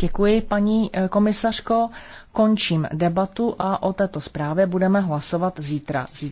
Děkuji, paní eh, komisařko. Končím debatu a o této zprávě budeme hlasovat zítra. zítra.